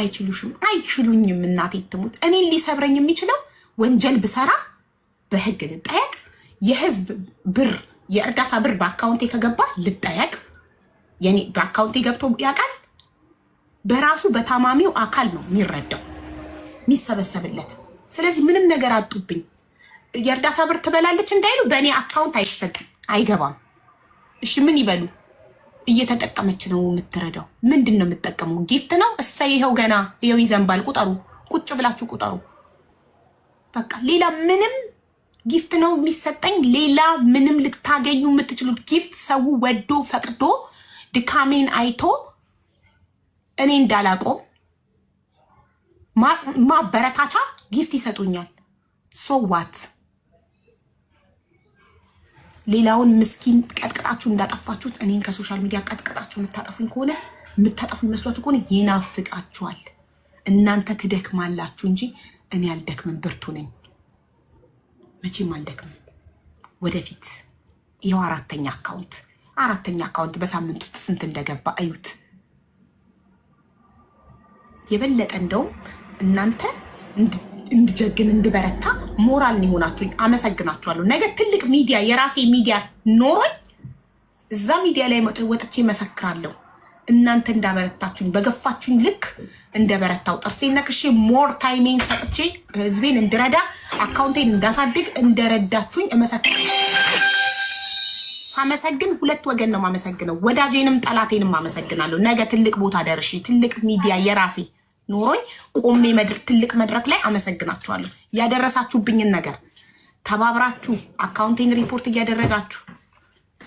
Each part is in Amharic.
አይችሉሽም፣ አይችሉኝም። እናቴ ትሙት እኔ ሊሰብረኝ የሚችለው ወንጀል ብሰራ በህግ ልጠየቅ፣ የህዝብ ብር የእርዳታ ብር በአካውንቴ ከገባ ልጠየቅ። በአካውንቴ ገብቶ ያውቃል። በራሱ በታማሚው አካል ነው የሚረዳው የሚሰበሰብለት። ስለዚህ ምንም ነገር አጡብኝ። የእርዳታ ብር ትበላለች እንዳይሉ በእኔ አካውንት አይሰጥም፣ አይገባም። እሺ ምን ይበሉ? እየተጠቀመች ነው የምትረዳው። ምንድን ነው የምትጠቀመው? ጊፍት ነው። እሰይ ይኸው ገና ይኸው ይዘንባል። ቁጠሩ፣ ቁጭ ብላችሁ ቁጠሩ። በቃ ሌላ ምንም ጊፍት ነው የሚሰጠኝ። ሌላ ምንም ልታገኙ የምትችሉት ጊፍት ሰው ወዶ ፈቅዶ ድካሜን አይቶ እኔ እንዳላቆም ማበረታቻ ጊፍት ይሰጡኛል። ሶ ዋት ሌላውን ምስኪን ቀጥቅጣችሁ እንዳጠፋችሁት እኔን ከሶሻል ሚዲያ ቀጥቅጣችሁ የምታጠፉኝ ከሆነ የምታጠፉ ይመስሏችሁ ከሆነ ይናፍቃችኋል። እናንተ ትደክማላችሁ እንጂ እኔ አልደክምም፣ ብርቱ ነኝ፣ መቼም አልደክምም። ወደፊት ይኸው አራተኛ አካውንት አራተኛ አካውንት በሳምንት ውስጥ ስንት እንደገባ እዩት። የበለጠ እንደውም እናንተ እንድጀግን እንድበረታ ሞራል የሆናችሁኝ አመሰግናችኋለሁ። ነገ ትልቅ ሚዲያ የራሴ ሚዲያ ኖሮኝ እዛ ሚዲያ ላይ ወጥቼ መሰክራለሁ። እናንተ እንዳበረታችሁኝ በገፋችሁኝ ልክ እንደበረታው ጥርሴን ነክሼ ሞር ታይሜን ሰጥቼ ህዝቤን እንድረዳ አካውንቴን እንዳሳድግ እንደረዳችሁኝ እመሰክራለሁ። ሳመሰግን ሁለት ወገን ነው የማመሰግነው፣ ወዳጄንም ጠላቴንም አመሰግናለሁ። ነገ ትልቅ ቦታ ደርሼ ትልቅ ሚዲያ የራሴ ኖሮኝ ቆሜ መድረክ ትልቅ መድረክ ላይ አመሰግናችኋለሁ። ያደረሳችሁብኝን ነገር ተባብራችሁ አካውንቴን ሪፖርት እያደረጋችሁ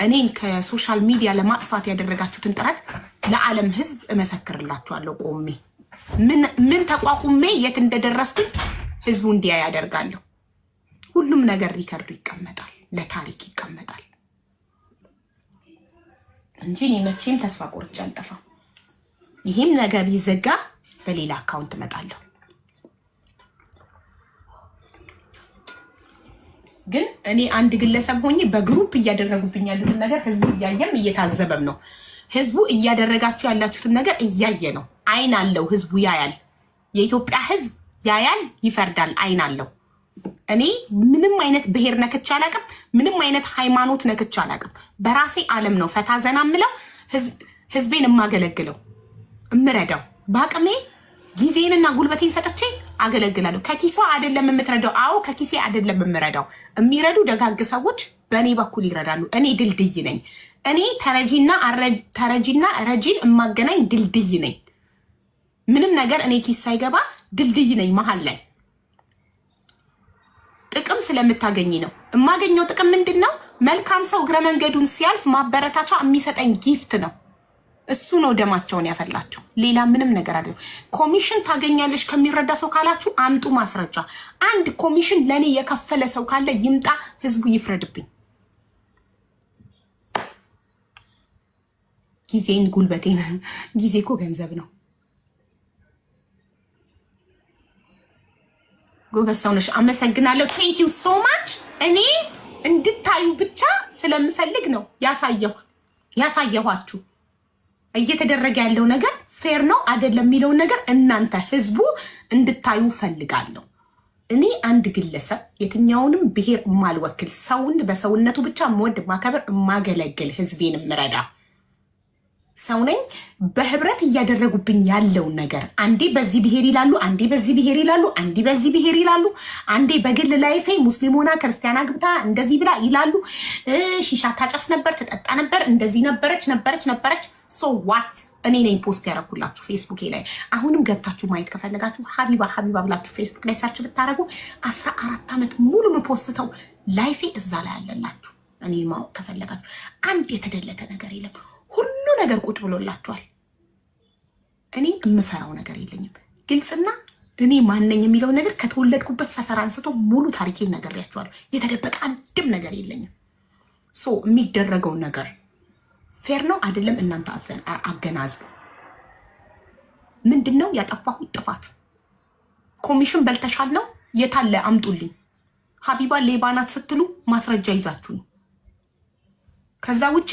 እኔን ከሶሻል ሚዲያ ለማጥፋት ያደረጋችሁትን ጥረት ለዓለም ሕዝብ እመሰክርላችኋለሁ። ቆሜ ምን ተቋቁሜ የት እንደደረስኩኝ ሕዝቡ እንዲያ ያደርጋለሁ። ሁሉም ነገር ሪከርዱ ይቀመጣል፣ ለታሪክ ይቀመጣል እንጂ እኔ መቼም ተስፋ ቆርጬ አልጠፋም። ይህም ነገር ቢዘጋ በሌላ አካውንት እመጣለሁ። ግን እኔ አንድ ግለሰብ ሆኜ በግሩፕ እያደረጉብኝ ያሉትን ነገር ህዝቡ እያየም እየታዘበም ነው። ህዝቡ እያደረጋችሁ ያላችሁትን ነገር እያየ ነው። አይን አለው፣ ህዝቡ ያያል። የኢትዮጵያ ህዝብ ያያል፣ ይፈርዳል። አይን አለው። እኔ ምንም አይነት ብሔር ነክቼ አላቅም። ምንም አይነት ሃይማኖት ነክቼ አላቅም። በራሴ አለም ነው ፈታ ዘና ምለው ህዝቤን የማገለግለው እምረዳው በአቅሜ ጊዜንና ጉልበቴን ሰጥቼ አገለግላለሁ። ከኪሷ አይደለም የምትረዳው። አዎ ከኪሴ አይደለም የምረዳው። የሚረዱ ደጋግ ሰዎች በእኔ በኩል ይረዳሉ። እኔ ድልድይ ነኝ። እኔ ተረጂና ረጂን የማገናኝ ድልድይ ነኝ። ምንም ነገር እኔ ኪስ ሳይገባ ድልድይ ነኝ። መሀል ላይ ጥቅም ስለምታገኝ ነው። የማገኘው ጥቅም ምንድን ነው? መልካም ሰው እግረ መንገዱን ሲያልፍ ማበረታቻ የሚሰጠኝ ጊፍት ነው። እሱ ነው ደማቸውን ያፈላቸው። ሌላ ምንም ነገር አለ። ኮሚሽን ታገኛለች ከሚረዳ ሰው ካላችሁ አምጡ ማስረጃ። አንድ ኮሚሽን ለእኔ የከፈለ ሰው ካለ ይምጣ፣ ህዝቡ ይፍረድብኝ። ጊዜን ጉልበቴን፣ ጊዜ እኮ ገንዘብ ነው። ጎበዝ ሰው ነሽ። አመሰግናለሁ። ቴንክ ዩ ሶ ማች። እኔ እንድታዩ ብቻ ስለምፈልግ ነው ያሳየኋችሁ። እየተደረገ ያለው ነገር ፌር ነው አይደለም የሚለውን ነገር እናንተ ህዝቡ እንድታዩ ፈልጋለሁ። እኔ አንድ ግለሰብ የትኛውንም ብሔር የማልወክል ሰውን በሰውነቱ ብቻ መወድ ማከበር የማገለግል ህዝቤን ምረዳ ሰው ነኝ። በህብረት እያደረጉብኝ ያለውን ነገር አንዴ በዚህ ብሄር ይላሉ፣ አንዴ በዚህ ብሄር ይላሉ፣ አንዴ በዚህ ብሄር ይላሉ፣ አንዴ በግል ላይፌ ሙስሊም ሆና ክርስቲያና ግብታ እንደዚህ ብላ ይላሉ። ሺሻ ታጫስ ነበር፣ ትጠጣ ነበር፣ እንደዚህ ነበረች፣ ነበረች፣ ነበረች። ሶ ዋት እኔ ነኝ ፖስት ያደረኩላችሁ ፌስቡኬ ላይ። አሁንም ገብታችሁ ማየት ከፈለጋችሁ ሀቢባ ሀቢባ ብላችሁ ፌስቡክ ላይ ሰርች ብታደረጉ አስራ አራት ዓመት ሙሉ ምፖስተው ላይፌ እዛ ላይ አለላችሁ። እኔ ማወቅ ከፈለጋችሁ አንድ የተደለተ ነገር የለም። ነገር ቁጭ ብሎላችኋል። እኔ የምፈራው ነገር የለኝም። ግልጽና እኔ ማነኝ የሚለው ነገር ከተወለድኩበት ሰፈር አንስቶ ሙሉ ታሪኬን ነግሬያችኋለሁ። የተደበቀ አንድም ነገር የለኝም። ሶ የሚደረገው ነገር ፌር ነው አይደለም? እናንተ አገናዝቡ። ምንድን ነው ያጠፋሁት ጥፋት? ኮሚሽን በልተሻል ነው የታለ? አምጡልኝ። ሀቢባ ሌባ ናት ስትሉ ማስረጃ ይዛችሁ ነው። ከዛ ውጪ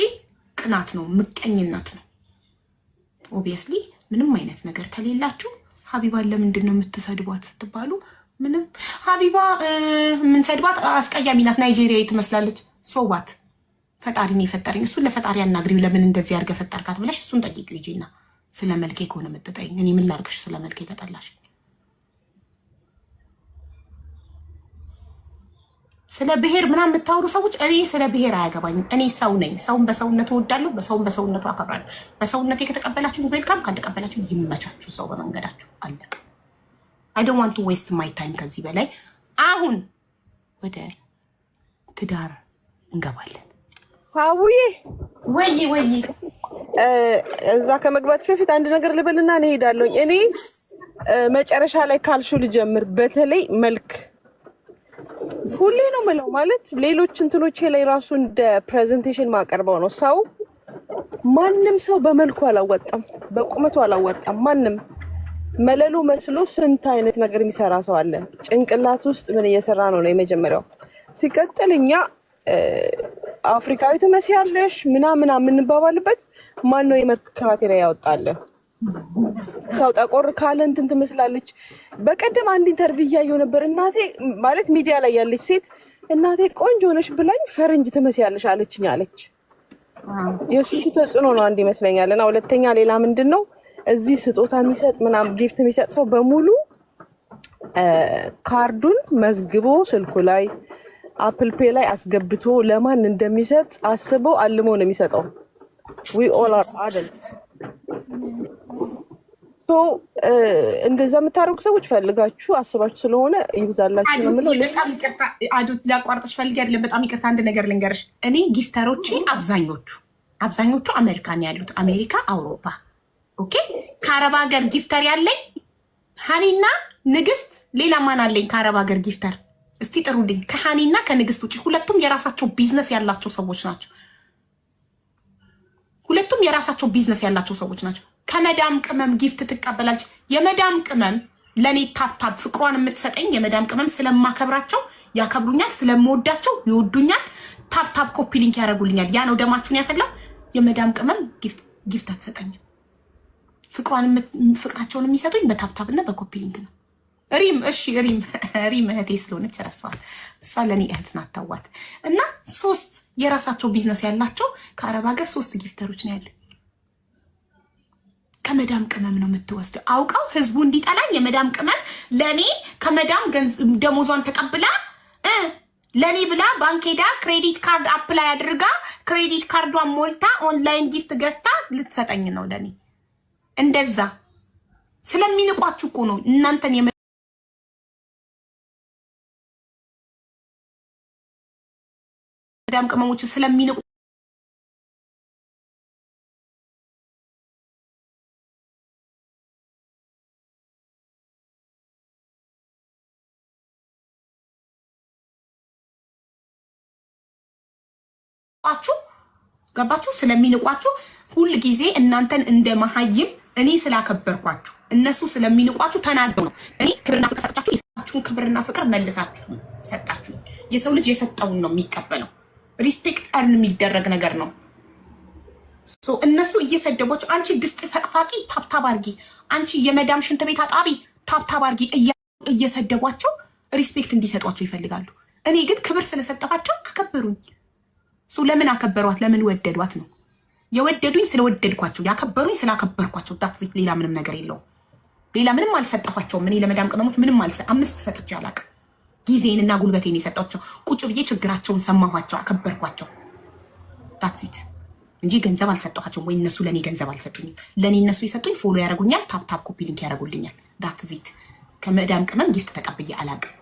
ቅናት ነው፣ ምቀኝነት ነው። ኦብየስሊ ምንም አይነት ነገር ከሌላችሁ ሀቢባን ለምንድን ነው የምትሰድቧት ስትባሉ ምንም ሀቢባ የምንሰድባት አስቀያሚ ናት፣ ናይጄሪያዊ ትመስላለች። ሶዋት ፈጣሪን የፈጠረኝ፣ እሱን ለፈጣሪ አናግሪው። ለምን እንደዚህ አድርገህ ፈጠርካት ብለሽ እሱን ጠይቂው ሂጂና። ስለ መልኬ ከሆነ የምትጠይኝ እኔ ምን ላድርግሽ? ስለ መልኬ ተጠላሽ ስለ ብሔር ምናምን የምታወሩ ሰዎች እኔ ስለ ብሔር አያገባኝም። እኔ ሰው ነኝ። ሰውን በሰውነቱ እወዳለሁ፣ በሰውን በሰውነቱ አከብራለሁ። በሰውነት ከተቀበላችሁ ዌልካም፣ ካልተቀበላችሁ ይመቻችሁ፣ ሰው በመንገዳችሁ አለቀ። አይ ዶንት ዋንት ቱ ዌስት ማይ ታይም ከዚህ በላይ አሁን ወደ ትዳር እንገባለን። አቡዬ ወይ ወይ እዛ ከመግባት በፊት አንድ ነገር ልበልና እንሄዳለሁ። እኔ መጨረሻ ላይ ካልሹ ልጀምር። በተለይ መልክ ሁሌ ነው ምለው ማለት ሌሎች እንትኖቼ ላይ ራሱ እንደ ፕሬዘንቴሽን ማቀርበው ነው። ሰው ማንም ሰው በመልኩ አላወጣም፣ በቁመቱ አላወጣም። ማንም መለሎ መስሎ ስንት አይነት ነገር የሚሰራ ሰው አለ። ጭንቅላት ውስጥ ምን እየሰራ ነው ነው የመጀመሪያው። ሲቀጥል እኛ አፍሪካዊ ትመስያለሽ ምናምን የምንባባልበት ማን ነው የመልክ ክራቴሪያ ያወጣለን? ሰው ጠቆር ካለ እንትን ትመስላለች። በቀደም አንድ ኢንተርቪው እያየሁ ነበር። እናቴ ማለት ሚዲያ ላይ ያለች ሴት እናቴ ቆንጆ ሆነሽ ብላኝ ፈረንጅ ትመስያለሽ አለችኝ አለች። የእሱ ተጽዕኖ ነው አንድ ይመስለኛል። እና ሁለተኛ ሌላ ምንድን ነው እዚህ ስጦታ የሚሰጥ ምናምን ጊፍት የሚሰጥ ሰው በሙሉ ካርዱን መዝግቦ ስልኩ ላይ አፕል ፔ ላይ አስገብቶ ለማን እንደሚሰጥ አስቦ አልሞ ነው የሚሰጠው። ዊ ኦል አር አደልት እንደዛ የምታደርጉ ሰዎች ፈልጋችሁ አስባችሁ ስለሆነ ይብዛላችሁ ነው የምለው። በጣም ይቅርታ አዶት በጣም ይቅርታ አንድ ነገር ልንገርሽ። እኔ ጊፍተሮቼ አብዛኞቹ አብዛኞቹ አሜሪካን ያሉት አሜሪካ፣ አውሮፓ ኦኬ። ከአረብ ሀገር ጊፍተር ያለኝ ሀኒና ንግስት፣ ሌላ ማን አለኝ ከአረብ ሀገር ጊፍተር? እስቲ ጥሩልኝ። ከሀኒና ከንግስት ውጭ ሁለቱም የራሳቸው ቢዝነስ ያላቸው ሰዎች ናቸው። ሁለቱም የራሳቸው ቢዝነስ ያላቸው ሰዎች ናቸው። ከመዳም ቅመም ጊፍት ትቀበላለች። የመዳም ቅመም ለእኔ ታፕታፕ ፍቅሯን የምትሰጠኝ የመዳም ቅመም ስለማከብራቸው ያከብሩኛል፣ ስለምወዳቸው ይወዱኛል። ታፕታፕ ኮፒ ሊንክ ያደርጉልኛል። ያ ነው ደማችሁን ያፈላው። የመዳም ቅመም ጊፍት አትሰጠኝም። ፍቅራቸውን የሚሰጡኝ በታፕታፕ እና በኮፒ ሊንክ ነው። ሪም እሺ፣ ሪም ሪም እህቴ ስለሆነች ረሳዋት። እሷ ለእኔ እህት ናት። ተዋት እና ሶስት የራሳቸው ቢዝነስ ያላቸው ከአረብ ሀገር ሶስት ጊፍተሮች ነው ያለ። ከመዳም ቅመም ነው የምትወስደው። አውቀው ህዝቡ እንዲጠላኝ የመዳም ቅመም ለእኔ ከመዳም ደሞዟን ተቀብላ ለእኔ ብላ ባንክ ሄዳ ክሬዲት ካርድ አፕላይ አድርጋ ክሬዲት ካርዷን ሞልታ ኦንላይን ጊፍት ገዝታ ልትሰጠኝ ነው ለእኔ። እንደዛ ስለሚንቋችሁ እኮ ነው እናንተን የመዳም ቅመሞችን ስለሚንቁ ቋችሁ ገባችሁ? ስለሚንቋችሁ ሁል ጊዜ እናንተን እንደ መሀይም እኔ ስላከበርኳችሁ እነሱ ስለሚንቋችሁ ተናደው ነው። እኔ ክብርና ፍቅር ሰጣችሁ የሰጣችሁን ክብርና ፍቅር መልሳችሁ ሰጣችሁ። የሰው ልጅ የሰጠውን ነው የሚቀበለው። ርን የሚደረግ ነገር ነው። እነሱ እየሰደቦች አንቺ ድስት ፈቅፋቂ ታብታብ አርጊ፣ አንቺ የመዳም ሽንት ቤት አጣቢ ታብታብ አርጊ እየሰደቧቸው ሪስፔክት እንዲሰጧቸው ይፈልጋሉ። እኔ ግን ክብር ስለሰጠኋቸው አከበሩኝ። ለምን አከበሯት? ለምን ወደዷት ነው የወደዱኝ ስለወደድኳቸው፣ ያከበሩኝ ስላከበርኳቸው። ዳት ሌላ ምንም ነገር የለውም። ሌላ ምንም አልሰጠኋቸውም። እኔ ለመዳም ቅመሞች ምንም አምስት ሰጥቼ አላቅም። ጊዜንና ጉልበቴን የሰጠቸው ቁጭ ብዬ ችግራቸውን ሰማኋቸው፣ አከበርኳቸው። ታክሲት እንጂ ገንዘብ አልሰጠኋቸውም፣ ወይ እነሱ ለእኔ ገንዘብ አልሰጡኝም። ለእኔ እነሱ የሰጡኝ ፎሎ ያደረጉኛል፣ ታፕታፕ ኮፒ ሊንክ ያደረጉልኛል። ዳትዚት ከመዳም ቅመም ጊፍት ተቀብዬ አላቅም።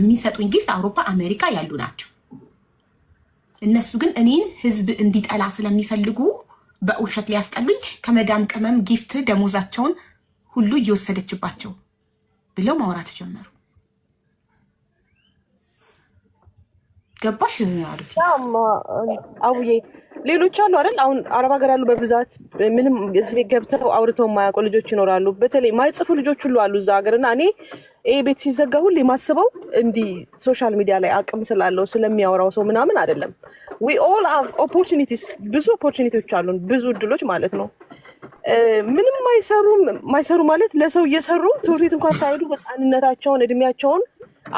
የሚሰጡኝ ጊፍት አውሮፓ አሜሪካ ያሉ ናቸው። እነሱ ግን እኔን ህዝብ እንዲጠላ ስለሚፈልጉ በውሸት ሊያስጠሉኝ ከመዳም ቅመም ጊፍት ደሞዛቸውን ሁሉ እየወሰደችባቸው ብለው ማውራት ጀመሩ። ገባሽ? አቡዬ ሌሎች አሉ አይደል? አሁን አረብ ሀገር ያሉ በብዛት ምንም ቤት ገብተው አውርተው የማያውቁ ልጆች ይኖራሉ። በተለይ ማይጽፉ ልጆች ሁሉ አሉ እዛ ሀገር እና እኔ ይሄ ቤት ሲዘጋ ሁሌ የማስበው እንዲህ ሶሻል ሚዲያ ላይ አቅም ስላለው ስለሚያወራው ሰው ምናምን አይደለም። ዊ ኦል ኦፖርቹኒቲስ ብዙ ኦፖርቹኒቲዎች አሉን፣ ብዙ እድሎች ማለት ነው። ምንም ማይሰሩ ማይሰሩ ማለት ለሰው እየሰሩ ትምህርት ቤት እንኳን ሳይሄዱ በጣንነታቸውን እድሜያቸውን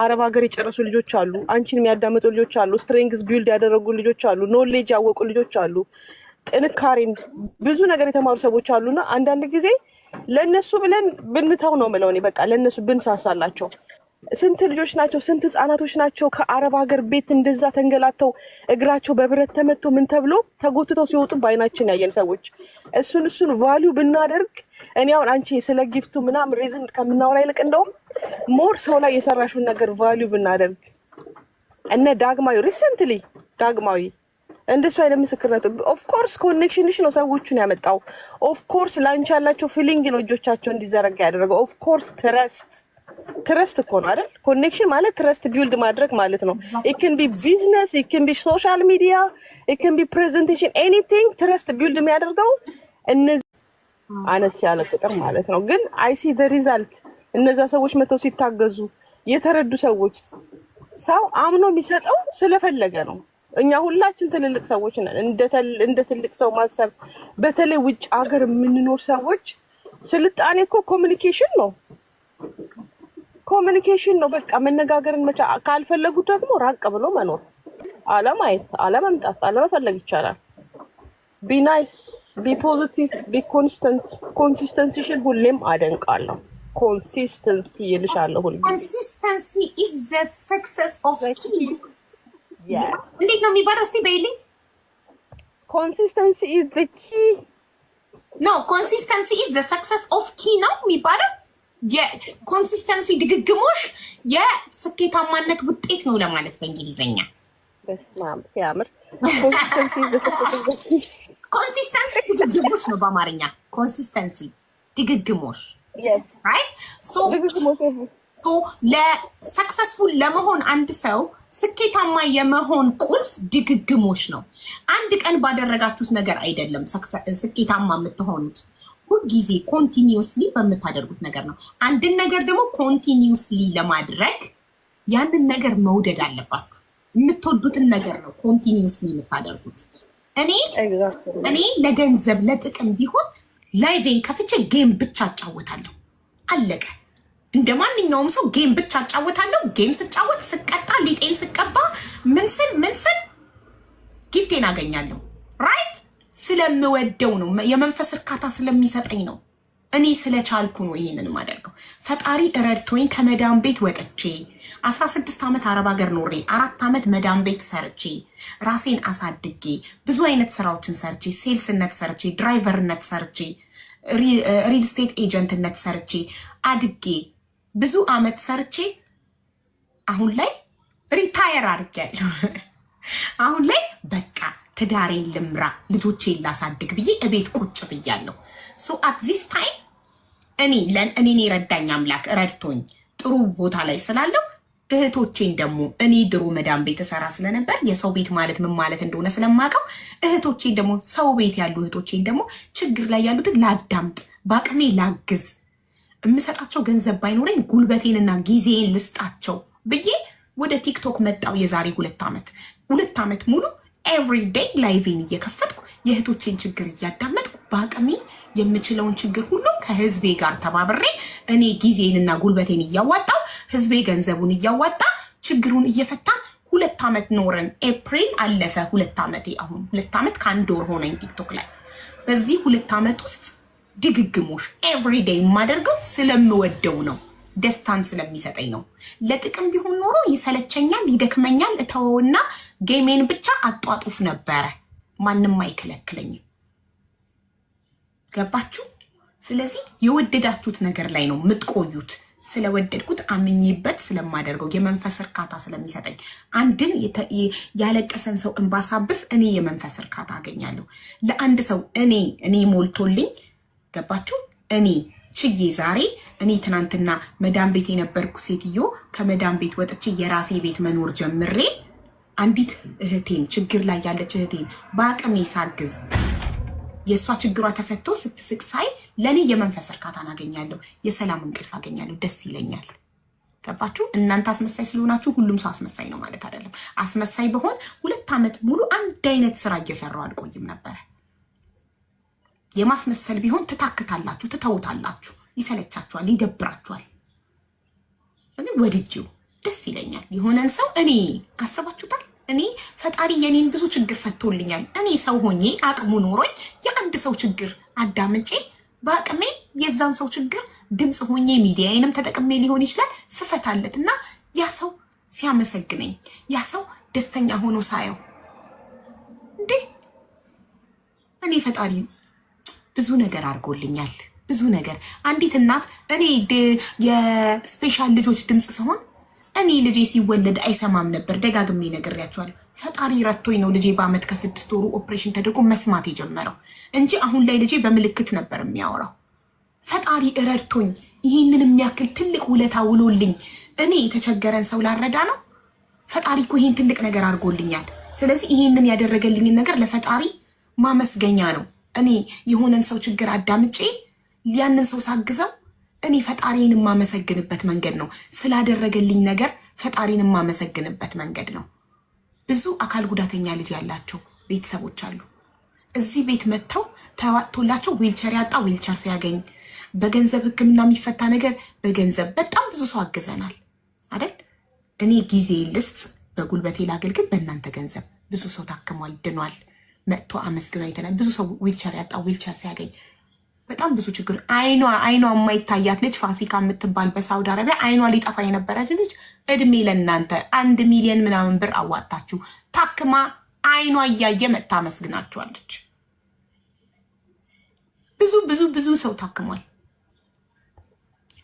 አረብ ሀገር የጨረሱ ልጆች አሉ። አንቺን የሚያዳምጡ ልጆች አሉ። ስትሬንግስ ቢውልድ ያደረጉ ልጆች አሉ። ኖሌጅ ያወቁ ልጆች አሉ። ጥንካሬም ብዙ ነገር የተማሩ ሰዎች አሉና አንዳንድ ጊዜ ለእነሱ ብለን ብንተው ነው ምለው እኔ በቃ ለእነሱ ብንሳሳላቸው ስንት ልጆች ናቸው? ስንት ህጻናቶች ናቸው? ከአረብ ሀገር ቤት እንደዛ ተንገላተው እግራቸው በብረት ተመቶ ምን ተብሎ ተጎትተው ሲወጡ በአይናችን ያየን ሰዎች። እሱን እሱን ቫሊዩ ብናደርግ እኔ አሁን አንቺ ስለ ጊፍቱ ምናምን ሬዝን ከምናወራ ይልቅ እንደውም ሞር ሰው ላይ የሰራሽውን ነገር ቫሊዩ ብናደርግ እነ ዳግማዊ ሪሰንትሊ ዳግማዊ እንደሱ አይነት ምስክርነት ኦፍኮርስ ኮኔክሽንሽ ነው ሰዎቹን ያመጣው። ኦፍኮርስ ላንቺ ያላቸው ፊሊንግ ነው እጆቻቸው እንዲዘረጋ ያደረገው። ኦፍኮርስ ትረስት ትረስት እኮ ነው አይደል? ኮኔክሽን ማለት ትረስት ቢውልድ ማድረግ ማለት ነው። ኢክን ቢ ቢዝነስ፣ ኢክን ቢ ሶሻል ሚዲያ፣ ኢክን ቢ ፕሬዘንቴሽን፣ ኤኒቲንግ ትረስት ቢውልድ የሚያደርገው እነዚህ አነስ ያለ ቁጥር ማለት ነው። ግን አይ ሲ ዘ ሪዛልት እነዛ ሰዎች መተው ሲታገዙ የተረዱ ሰዎች ሰው አምኖ የሚሰጠው ስለፈለገ ነው። እኛ ሁላችን ትልልቅ ሰዎች ነን። እንደ ትልቅ ሰው ማሰብ በተለይ ውጭ ሀገር የምንኖር ሰዎች ስልጣኔ እኮ ኮሚኒኬሽን ነው ኮሚኒኬሽን ነው በቃ መነጋገርን መቻ ካልፈለጉት ደግሞ ራቅ ብሎ መኖር፣ አለማየት፣ አለመምጣት፣ አለመፈለግ ይቻላል። ቢናይስ ቢፖዚቲቭ ቢኮንስተንት ኮንሲስተንሲሽን ሁሌም አደንቃለሁ። ኮንሲስተንሲ ይልሻለሁ ሁሌ ኮንሲስተንሲ ኢዝ ዘ ሰክሰስ ኦፍ እንዴት ነው የሚባለው? እስኪ በይልኝ። ኮንሲስተንሲ ኢዝ ዘ ኪ ኖ ኮንሲስተንሲ ኢዝ ዘ ሰክሰስ ኦፍ ኪ ነው የሚባለው የኮንሲስተንሲ ድግግሞሽ የስኬታማነት ውጤት ነው ለማለት በእንግሊዝኛ ሲያምር፣ ኮንሲስተንሲ ድግግሞሽ ነው በአማርኛ ኮንሲስተንሲ ድግግሞሽ ለሰክሰስፉል ለመሆን አንድ ሰው ስኬታማ የመሆን ቁልፍ ድግግሞሽ ነው። አንድ ቀን ባደረጋችሁት ነገር አይደለም ስኬታማ የምትሆኑት። ሁልጊዜ ኮንቲኒውስሊ በምታደርጉት ነገር ነው። አንድን ነገር ደግሞ ኮንቲኒውስሊ ለማድረግ ያንን ነገር መውደድ አለባችሁ። የምትወዱትን ነገር ነው ኮንቲኒውስሊ የምታደርጉት። እኔ እኔ ለገንዘብ ለጥቅም ቢሆን ላይቬን ከፍቼ ጌም ብቻ አጫወታለሁ። አለቀ። እንደ ማንኛውም ሰው ጌም ብቻ አጫወታለሁ። ጌም ስጫወት ስቀጣ፣ ሊጤን ስቀባ፣ ምን ስል ምን ስል ጊፍቴን አገኛለሁ። ራይት ስለምወደው ነው። የመንፈስ እርካታ ስለሚሰጠኝ ነው። እኔ ስለቻልኩ ነው ይሄንን ማደርገው። ፈጣሪ ረድቶኝ ከመዳም ቤት ወጥቼ 16 አመት ዓመት አረብ ሀገር ኖሬ አራት ዓመት መዳም ቤት ሰርቼ ራሴን አሳድጌ ብዙ አይነት ስራዎችን ሰርቼ ሴልስነት ሰርቼ ድራይቨርነት ሰርቼ ሪል ስቴት ኤጀንትነት ሰርቼ አድጌ ብዙ አመት ሰርቼ አሁን ላይ ሪታየር አድርጌያለሁ። አሁን ላይ ትዳሬን ልምራ፣ ልጆቼን ላሳድግ ብዬ እቤት ቁጭ ብያለሁ። ሶ አት ዚስ ታይም እኔ እኔን የረዳኝ አምላክ ረድቶኝ ጥሩ ቦታ ላይ ስላለው እህቶቼን ደግሞ እኔ ድሮ መዳም ቤት እሰራ ስለነበር የሰው ቤት ማለት ምን ማለት እንደሆነ ስለማውቀው እህቶቼን ደግሞ ሰው ቤት ያሉ እህቶቼን ደግሞ ችግር ላይ ያሉትን ላዳምጥ፣ በአቅሜ ላግዝ፣ የምሰጣቸው ገንዘብ ባይኖረኝ ጉልበቴንና ጊዜን ልስጣቸው ብዬ ወደ ቲክቶክ መጣው የዛሬ ሁለት ዓመት ሁለት ዓመት ሙሉ ኤቭሪዴይ ላይቬን እየከፈትኩ የእህቶቼን ችግር እያዳመጥኩ በአቅሜ የምችለውን ችግር ሁሉ ከህዝቤ ጋር ተባብሬ እኔ ጊዜንና ጉልበቴን እያዋጣው ህዝቤ ገንዘቡን እያዋጣ ችግሩን እየፈታ ሁለት ዓመት ኖረን ኤፕሪል አለፈ። ሁለት ዓመቴ አሁን ሁለት ዓመት ከአንድ ወር ሆነኝ ቲክቶክ ላይ። በዚህ ሁለት ዓመት ውስጥ ድግግሞሽ ኤቭሪዴይ የማደርገው ስለምወደው ነው። ደስታን ስለሚሰጠኝ ነው። ለጥቅም ቢሆን ኖሮ ይሰለቸኛል፣ ይደክመኛል፣ እተወውና ጌሜን ብቻ አጧጡፍ ነበረ። ማንም አይከለክለኝም። ገባችሁ? ስለዚህ የወደዳችሁት ነገር ላይ ነው የምትቆዩት። ስለወደድኩት አምኜበት ስለማደርገው የመንፈስ እርካታ ስለሚሰጠኝ አንድን ያለቀሰን ሰው እንባሳብስ እኔ የመንፈስ እርካታ አገኛለሁ። ለአንድ ሰው እኔ እኔ ሞልቶልኝ ገባችሁ እኔ ችዬ ዛሬ እኔ ትናንትና መዳም ቤት የነበርኩ ሴትዮ ከመዳም ቤት ወጥቼ የራሴ ቤት መኖር ጀምሬ አንዲት እህቴን ችግር ላይ ያለች እህቴን በአቅሜ ሳግዝ የእሷ ችግሯ ተፈቶ ስትስቅ ሳይ ለእኔ የመንፈስ እርካታን አገኛለሁ፣ የሰላም እንቅልፍ አገኛለሁ፣ ደስ ይለኛል። ገባችሁ? እናንተ አስመሳይ ስለሆናችሁ ሁሉም ሰው አስመሳይ ነው ማለት አይደለም። አስመሳይ በሆን ሁለት ዓመት ሙሉ አንድ አይነት ስራ እየሰራው አልቆይም ነበረ። የማስመሰል ቢሆን ትታክታላችሁ፣ ትተውታላችሁ፣ ይሰለቻችኋል፣ ይደብራችኋል። እኔ ወድጄው ደስ ይለኛል የሆነን ሰው እኔ አስባችሁታል። እኔ ፈጣሪ የኔን ብዙ ችግር ፈቶልኛል። እኔ ሰው ሆኜ አቅሙ ኖሮኝ የአንድ ሰው ችግር አዳምጬ በአቅሜ የዛን ሰው ችግር ድምፅ ሆኜ ሚዲያዬንም ተጠቅሜ ሊሆን ይችላል ስፈታለት እና ያ ሰው ሲያመሰግነኝ ያ ሰው ደስተኛ ሆኖ ሳየው እንዴ እኔ ፈጣሪ ብዙ ነገር አድርጎልኛል። ብዙ ነገር አንዲት እናት እኔ የስፔሻል ልጆች ድምፅ ስሆን እኔ ልጄ ሲወለድ አይሰማም ነበር። ደጋግሜ ነግሬያቸዋለሁ። ፈጣሪ ረቶኝ ነው ልጄ በአመት ከስድስት ወሩ ኦፕሬሽን ተደርጎ መስማት የጀመረው እንጂ አሁን ላይ ልጄ በምልክት ነበር የሚያወራው። ፈጣሪ እረድቶኝ ይህንን የሚያክል ትልቅ ውለታ ውሎልኝ እኔ የተቸገረን ሰው ላረዳ ነው። ፈጣሪ እኮ ይህን ትልቅ ነገር አድርጎልኛል። ስለዚህ ይህንን ያደረገልኝን ነገር ለፈጣሪ ማመስገኛ ነው። እኔ የሆነን ሰው ችግር አዳምጬ ያንን ሰው ሳግዘው እኔ ፈጣሪን የማመሰግንበት መንገድ ነው። ስላደረገልኝ ነገር ፈጣሪን የማመሰግንበት መንገድ ነው። ብዙ አካል ጉዳተኛ ልጅ ያላቸው ቤተሰቦች አሉ። እዚህ ቤት መጥተው ተዋጥቶላቸው ዊልቸር ያጣ ዊልቸር ሲያገኝ፣ በገንዘብ ሕክምና የሚፈታ ነገር በገንዘብ በጣም ብዙ ሰው አግዘናል አይደል? እኔ ጊዜ ልስጥ፣ በጉልበቴ ላገልግል፣ በእናንተ ገንዘብ ብዙ ሰው ታክሟል፣ ድኗል። መጥቶ አመስግኖ አይተናል። ብዙ ሰው ዊልቸር ያጣ ዊልቸር ሲያገኝ በጣም ብዙ ችግር አይኗ አይኗ የማይታያት ልጅ ፋሲካ የምትባል በሳውዲ አረቢያ አይኗ ሊጠፋ የነበረች ልጅ እድሜ ለእናንተ አንድ ሚሊዮን ምናምን ብር አዋጣችሁ ታክማ አይኗ እያየ መጥታ አመስግናችኋለች። ብዙ ብዙ ብዙ ሰው ታክሟል፣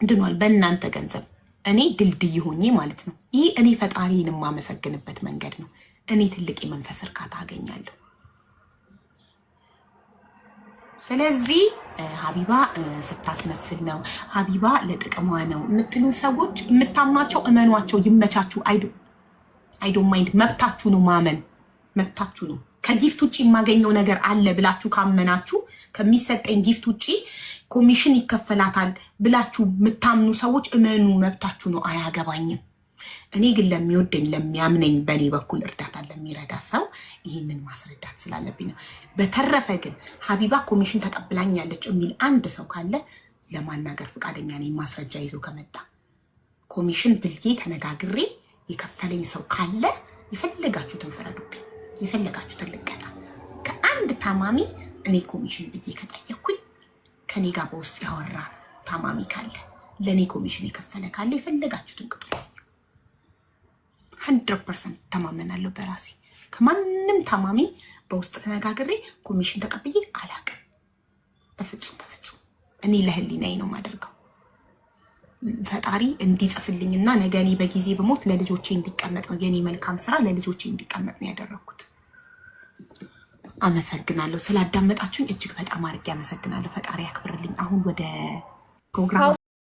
ድኗል በእናንተ ገንዘብ። እኔ ድልድይ ሆኜ ማለት ነው። ይህ እኔ ፈጣሪን የማመሰግንበት መንገድ ነው። እኔ ትልቅ የመንፈስ እርካታ አገኛለሁ። ስለዚህ ሀቢባ ስታስመስል ነው፣ ሀቢባ ለጥቅሟ ነው የምትሉ ሰዎች የምታምኗቸው እመኗቸው፣ ይመቻችሁ። አይዶ ማይንድ መብታችሁ ነው፣ ማመን መብታችሁ ነው። ከጊፍት ውጭ የማገኘው ነገር አለ ብላችሁ ካመናችሁ ከሚሰጠኝ ጊፍት ውጭ ኮሚሽን ይከፈላታል ብላችሁ የምታምኑ ሰዎች እመኑ፣ መብታችሁ ነው። አያገባኝም እኔ ግን ለሚወደኝ ለሚያምነኝ፣ በእኔ በኩል እርዳታ ለሚረዳ ሰው ይህንን ማስረዳት ስላለብኝ ነው። በተረፈ ግን ሀቢባ ኮሚሽን ተቀብላኛለች የሚል አንድ ሰው ካለ ለማናገር ፈቃደኛ ነኝ፣ ማስረጃ ይዞ ከመጣ ኮሚሽን ብልጌ ተነጋግሬ የከፈለኝ ሰው ካለ የፈለጋችሁትን ፍረዱብኝ፣ የፈለጋችሁትን ልቀጣ። ከአንድ ታማሚ እኔ ኮሚሽን ብዬ ከጠየኩኝ ከኔ ጋር በውስጥ ያወራ ታማሚ ካለ ለእኔ ኮሚሽን የከፈለ ካለ የፈለጋችሁትን ቅጡ። ሀንድረድ ፐርሰንት ተማመናለሁ በራሴ ከማንም ታማሚ በውስጥ ተነጋግሬ ኮሚሽን ተቀብዬ አላቅም። በፍጹም በፍጹም። እኔ ለህሊናዬ ነው የማደርገው። ፈጣሪ እንዲጽፍልኝና ነገ እኔ በጊዜ በሞት ለልጆቼ እንዲቀመጥ ነው የኔ መልካም ስራ ለልጆቼ እንዲቀመጥ ነው ያደረግኩት። አመሰግናለሁ ስላዳመጣችሁኝ፣ እጅግ በጣም አድርጌ አመሰግናለሁ። ፈጣሪ ያክብርልኝ። አሁን ወደ ፕሮግራም